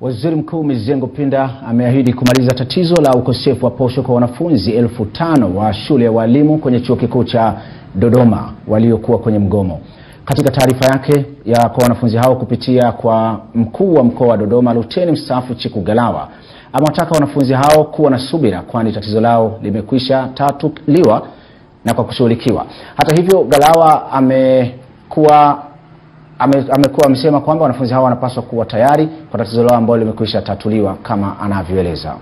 Waziri Mkuu Mizengo Pinda ameahidi kumaliza tatizo la ukosefu wa posho kwa wanafunzi elfu tano wa shule ya walimu kwenye chuo kikuu cha Dodoma waliokuwa kwenye mgomo. Katika taarifa yake ya kwa wanafunzi hao kupitia kwa mkuu wa mkoa wa Dodoma, Luteni mstaafu Chiku Galawa amewataka wanafunzi hao kuwa na subira, kwani tatizo lao limekwisha tatuliwa na kwa kushughulikiwa. Hata hivyo, Galawa amekuwa amekuwa amesema kwamba wanafunzi hawa wanapaswa kuwa tayari kwa tatizo lao ambalo limekwisha tatuliwa kama anavyoeleza.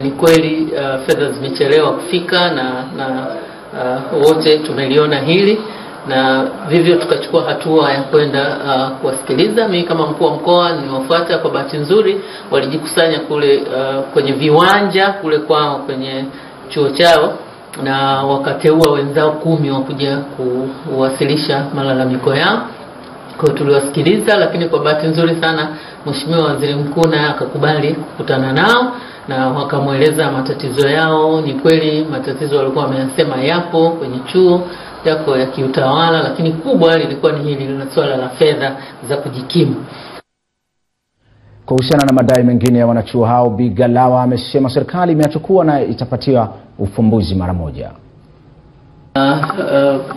Ni kweli uh, fedha zimechelewa kufika na, na uh, wote tumeliona hili na vivyo tukachukua hatua ya kwenda uh, kuwasikiliza. Mimi kama mkuu wa mkoa niwafuata. Kwa bahati nzuri walijikusanya kule uh, kwenye viwanja kule kwao kwenye chuo chao na wakateua wenzao kumi wa kuja kuwasilisha malalamiko yao. Kwa tuliwasikiliza, lakini kwa bahati nzuri sana Mheshimiwa Waziri Mkuu naye akakubali kukutana nao na wakamweleza matatizo yao. Ni kweli matatizo walikuwa wameyasema yapo kwenye chuo yako ya kiutawala, lakini kubwa lilikuwa ni hili la swala la fedha za kujikimu. Kuhusiana na madai mengine ya wanachuo hao, Bigalawa amesema serikali imeachukua na itapatiwa ufumbuzi mara moja. Ah, uh, uh,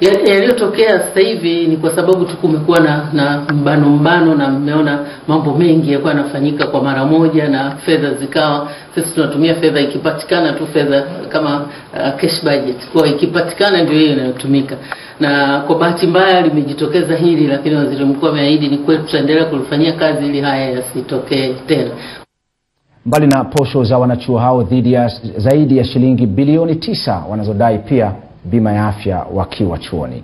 yaliyotokea sasa hivi ni kwa sababu tu kumekuwa na, na mbano mbano na mmeona mambo mengi yakuwa yanafanyika kwa mara moja na fedha zikawa, sisi tunatumia fedha ikipatikana tu fedha kama uh, cash budget, kwa ikipatikana ndio hiyo inayotumika. Na kwa bahati mbaya limejitokeza hili, lakini waziri mkuu ameahidi, ni kweli tutaendelea kulifanyia kazi ili haya yasitokee tena. Mbali na posho za wanachuo hao dhidi ya zaidi ya shilingi bilioni tisa wanazodai pia bima ya afya wakiwa chuoni.